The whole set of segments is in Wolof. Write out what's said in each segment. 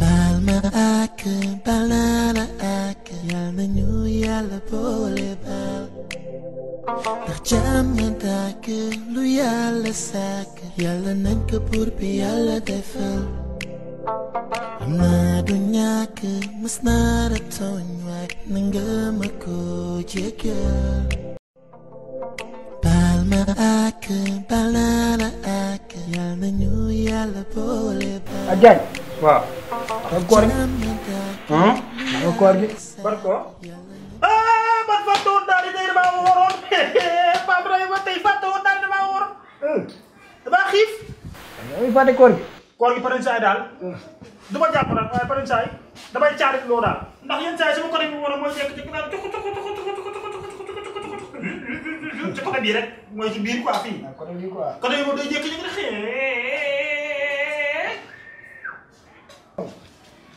baal ma ak baal naa la ak yal na ñu yàlla boole baal ndax jàmm na dàkk lu yàlla sàkk yàlla nañ ko buur bi yàlla defal am du ñàkk mës naa la tooñ waay na nga ma ko jéggal baal ma ak baal naa ak yal na ñu yàlla boole baal ak Diagne. waaw. ban koor gi. ban koor gi. ban koor. ah man fàtte woon daal di tey damaa waroon Pape Rabi ba tey fàtte woon daal damaa waroon. damaa xiif. damay fàtte koor gi. koor gi pare saa yi daal. du ma jàpp nag waaye pare saa yi damay caarit loo daal. ndax yenn saa yi sama côté bi mu waroon mooy nekk ci naan tukku tukku tukku tukku tukku tukku tukku tukku ci côté bii rek mooy ci biir quoi fii. côté bii quoi côté bii moom day jékki-jékki rek xëy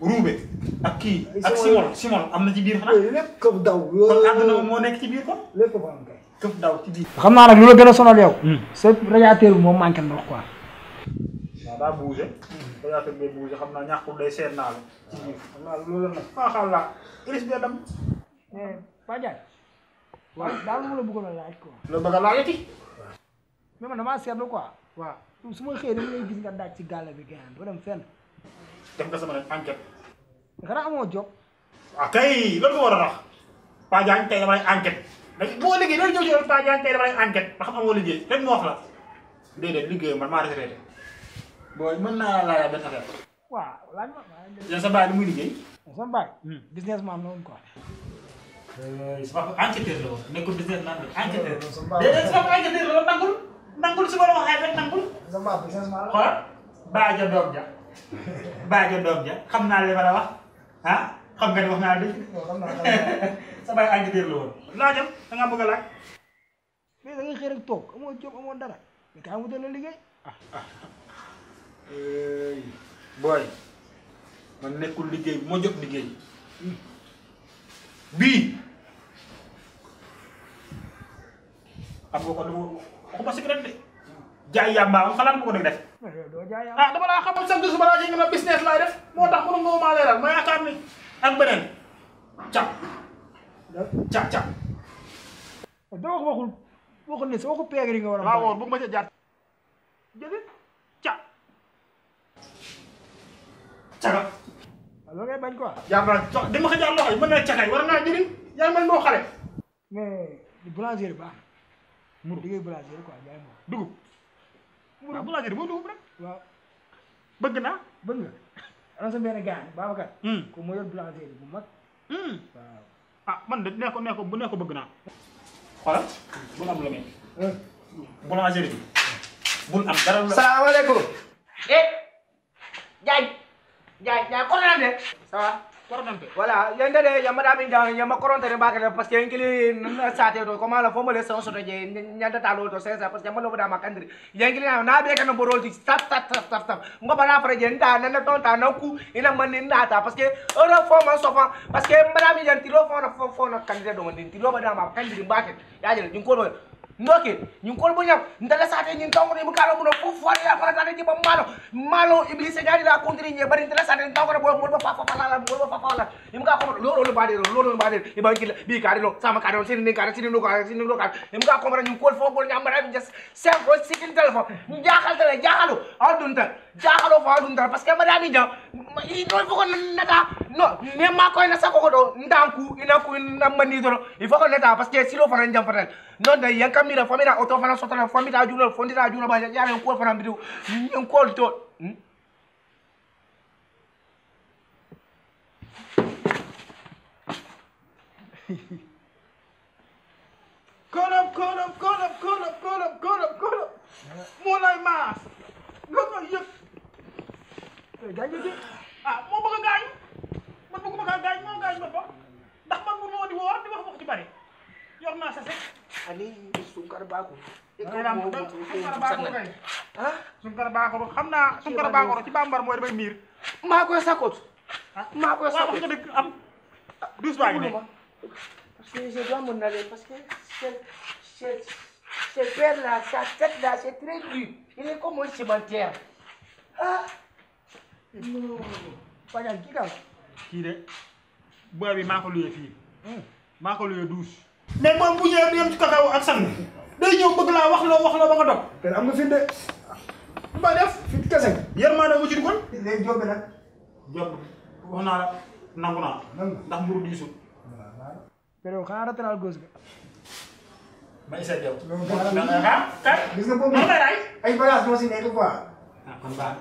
ruube ak kii ak simol simol am na ci biir xanaa. lépp këf daw. kon àdduna moo nekk ci biir kon. lépp ba am kay këf daw ci biir. xam naa nag lu la gën a sonal yow. Hmm. sa radiateur bi moom manqué ndox quoi. waaw daa bougé. Hmm. radiateur bi bougé xam naa ñàkkul day seet naa la. ci biir ah. xam naa loolu la ah xaaral iris bi dem. Ba eh, Ndiaye. waaw daal moom la bëggoon a laaj quoi. la bëgg a laajati. mais man damaa seetlu quoi. waaw su ma xëyee dama lay gis nga daaj ci gàll bi gàncax ba dem fenn. def nga sama enquête. nga ne job. ah kay loolu nga war a wax Paa Diagne tey damay enquête léegi boo liggéey loolu ñëw ci loolu Paa Diagne tey damay enquête ba xam amoo liggéey rek mu wax la déedéet liggéey man maa retraité booy mën naa laa benn affaire. waaw laaj ma. yow sa baay lu muy liggéey. sa baay. business man la woon quoi. sama ko enquêteur la woon nekkul business man la enquêteur. déedéet sama ko enquêteur la woon nangul nangul su ma la waxee rek nangul. sa baay business man bàyyi doom ja xam naa li wax ah xam nga ni wax naa dëgg sa bàyyi àgg dér la woon laajam da ngaa bëgg a laaj mais da nga xëy toog amoo job amoo dara mais kaa wutal la liggéey ah, ah. man nekkul liggéey moo jot liggéey bii xam nga ko du xuma secret de Jaya mbak am ah, aku nga ko def. ah dama laa xamal chaque jour suba laa ci nga business laay mau moo tax mau nga maa leeral ma cak, ni ak beneen aku cap cap. dama ko waxul waxul ne soo ko peegri nga jadi a. waaw cak. bëgg ma ca jangan cak? cap. caga. loolu ngay bañ quoi. yaa ma jox dama ko Di loxo yi mën naa war naa jëriñ waaw a laajee mooy dugub rek. waaw bëgg naa. bëgg nga ana sa benn gaan Babacar. Hmm. ko moo yor boulangerie bi bu mag. Hmm. waaw ah man de nee ko nee ko bu nee bëgg naa. xoolal bul am lu mel. Eh. boulangerie bi bul am dara. salaamaaleykum. eh Diagne Diagne Diagne kontaan de ça va. Wala, yang yandere yamma da bin jan yamma korontere ba kala parce que yankili sate to comment la fomo le son so je nyanda talo to sensa parce que yamma lo da makandri yankili na na be kana borol di, tap tap tap tap tap ngo bana pre je nda na na tonta na ku ina man nda ta parce ora fomo so fa parce que madame jan tilo fo na fo fo na candidat do man tilo ba da makandri ba ya je din ko ndoke ñun kol bo ñam ndala sate ñu taw ni mu no fu fo ya fala tane ci ba malo malo iblis gari la kontri ñe bari ndala sate taw ko mu mo fa fa la la mo fa fa la im ka ko lo lo de lo lo de ni ba ki bi de lo sama de lo sin ni kari sin no kari sin no kari im ka ko mara ñu ko fo bol ñam mara bi eh, jess sen ko sikin ñu jaxal tele jaxalu adunta jaxalo fa adunta parce que mara mi jam il faut que nata non ne ma koy na sako ko do ndanku ina ku na mani do il faut silo fana njam non da yan kamira famira auto fana sotana famira julo fondira julo ba ya en ko fana bidu en ko to Call up, call up, call up, call up, call up. ani sunkar baako sunkar baakoro xam naa sunkar baakoro ci bambar mooy damay miir maa koy ah? maa koy sakot wax nga dëgg am douze baa parce que je dois m'en aller parce que c'est c'est père là sa tête là c'est très dur il est comme un cimetière ah non bañal kii daal kii de boy bi maa ko luyee fii hmm. maa ko luyee douze mais moom bu ñëw du ci ci kakaaw ak sang day ñëw bëgg la wax loo wax la ba nga dox té am nga fi dé ba def fi ma na wu ci kon lé job nak job wax na la nanguna ndax mburu diisu pero xanaa ratal gos ga jëw ha jaw gis nga boobu ay ay bagage moo si nekk quoi ah kon baax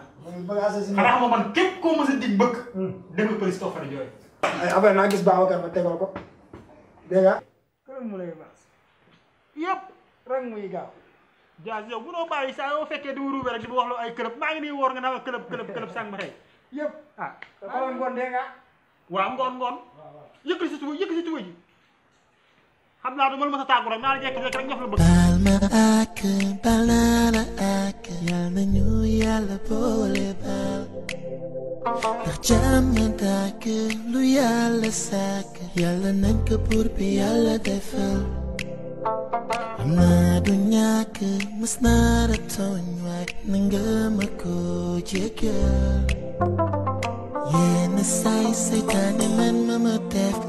bagage si xanaa xam man képp koo mës dig bëgg dëgg pëlis too fari jooy ay affaire naa gis baax ba tegal ko dégg mulai mas rang muy gaaw jaas yow bu noo bàyyi saa yoo oh, fekkee di wuru rek di wax loo ay club maa ngi nga club club club sang ma yep yëpp ah xoolal ngoon dee nga waaw ngon ngon yëkk si tuba yëkk si tuba ji xam naa du ma rek la rek ndax jàmm dàkk lu yàlla sàkk yàlla na ko bi yàlla defal am naa du ñàkk mës naa la tooñ waaye na nga ma ko jéggal yenn saay saytaane man ma ma def